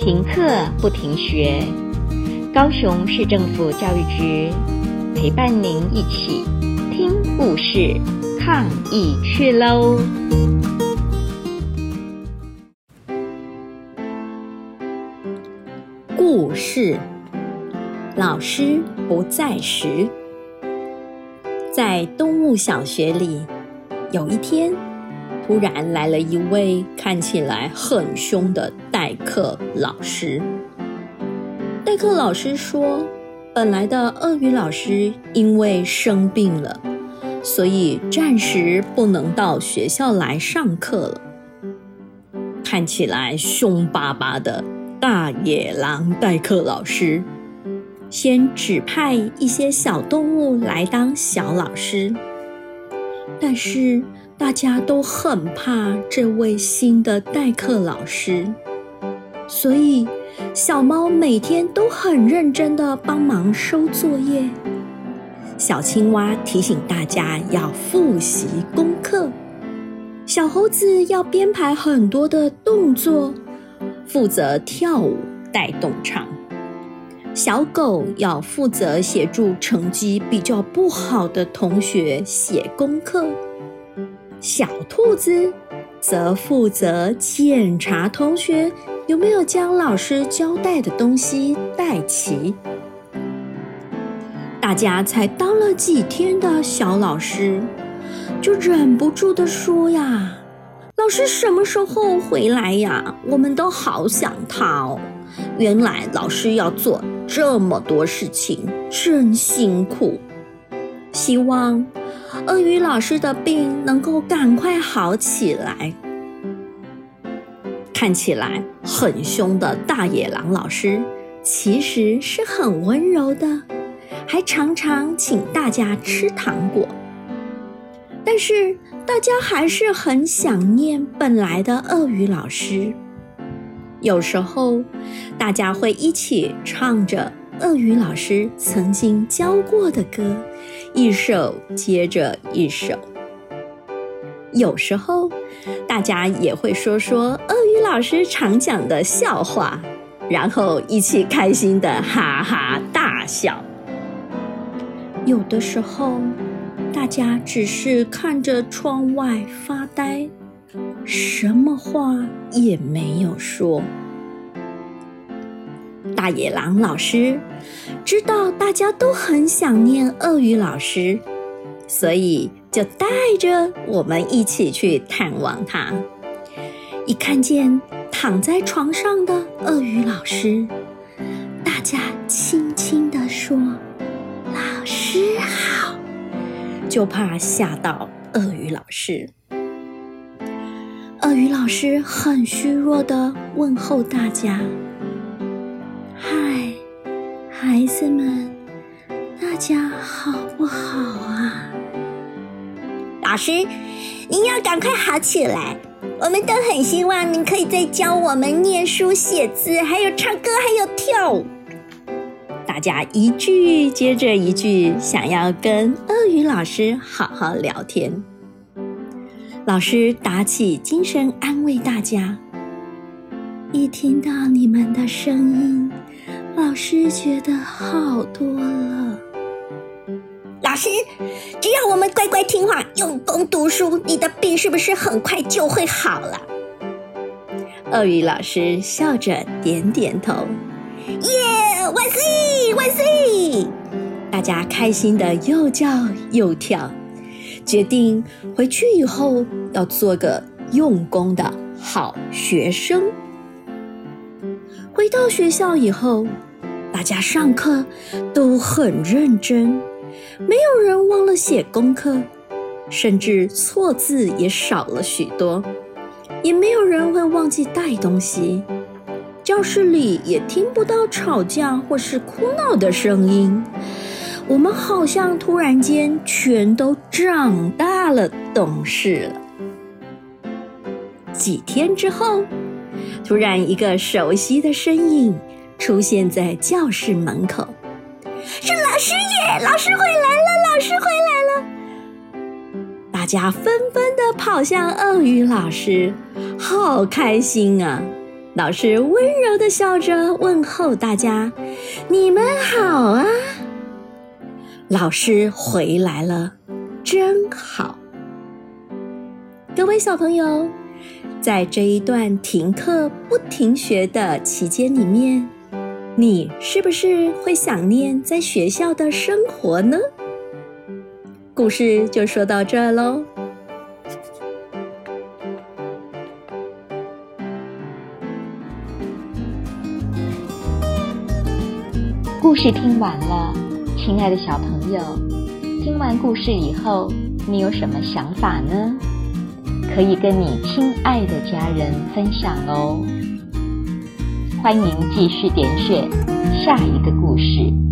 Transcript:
停課不停學，高雄市政府教育局陪伴您一起聽故事，抗疫趣嘍。故事，老師不在時，在動物小學裡，有一天，突然來了一位看起來很兇的。代課老師，代課老師說：“本來的鱷魚老師因為生病了，所以暫時不能到學校來上課了。”看起來凶巴巴的大野狼代課老師，先指派一些小動物來當小老師，但是大家都很怕這位新的代課老師。所以，小貓每天都很認真地幫忙收作業。小青蛙提醒大家要複習功課。小猴子要編排很多的動作，負責跳舞帶動唱。小狗要負責協助成績比較不好的同學寫功課。小兔子則負責檢查同學。有沒有將老師交代的東西帶齊？大家才當了幾天的小老師，就忍不住地說呀：“老師什麼時候回來呀？我們都好想他哦！”原來老師要做這麼多事情，真辛苦。希望鱷魚老師的病能夠趕快好起來。看起來很凶的大野狼老師，其實是很溫柔的，還常常請大家吃糖果。但是大家還是很想念本來的鱷魚老師。有時候大家會一起唱着鱷魚老師曾經教過的歌，一首接着一首。有時候，大家也會說說鱷魚老師常講的笑話，然後一起開心的哈哈大笑。有的時候，大家只是看着窗外發呆，什麼話也沒有說。大野狼老師知道大家都很想念鱷魚老師，所以。就帶着我們一起去探望他。一看見躺在床上的鱷魚老師，大家輕輕地說：“老師好。”就怕嚇到鱷魚老師。鱷魚老師很虛弱地問候大家：“嗨，孩子們，大家好不好啊？”老師，您要趕快好起來！我們都很希望您可以再教我們念書、寫字、還有唱歌，還有跳舞。大家一句接着一句，想要跟鱷魚老師好好聊天。老師打起精神安慰大家：“一聽到你們的聲音，老師覺得好多了。”師，只要我們乖乖聽話、用功讀書，你的病是不是很快就會好了？鱷魚老師笑着點點頭。耶，萬歲！萬歲！大家開心的又叫又跳，決定回去以後要做個用功的好學生。回到學校以後，大家上課都很認真。沒有人忘了寫功課，甚至錯字也少了許多，也沒有人會忘記帶東西。教室裡也聽不到吵架或是哭鬧的聲音，我們好像突然間全都長大了，懂事了。幾天之後，突然一個熟悉的身影出現在教室門口。是老師耶！老師回來了，老師回來了！大家紛紛地跑向鱷魚老師，好開心啊！老師溫柔地笑着問候大家：“你們好啊！”老師回來了，真好。各位小朋友，在這一段停課不停學的期間裡面。你是不是會想念在學校的生活呢？故事就說到這兒嘍。故事聽完了，親愛的小朋友，聽完故事以後，你有什麼想法呢？可以跟你親愛的家人分享哦。歡迎繼續點選下一個故事。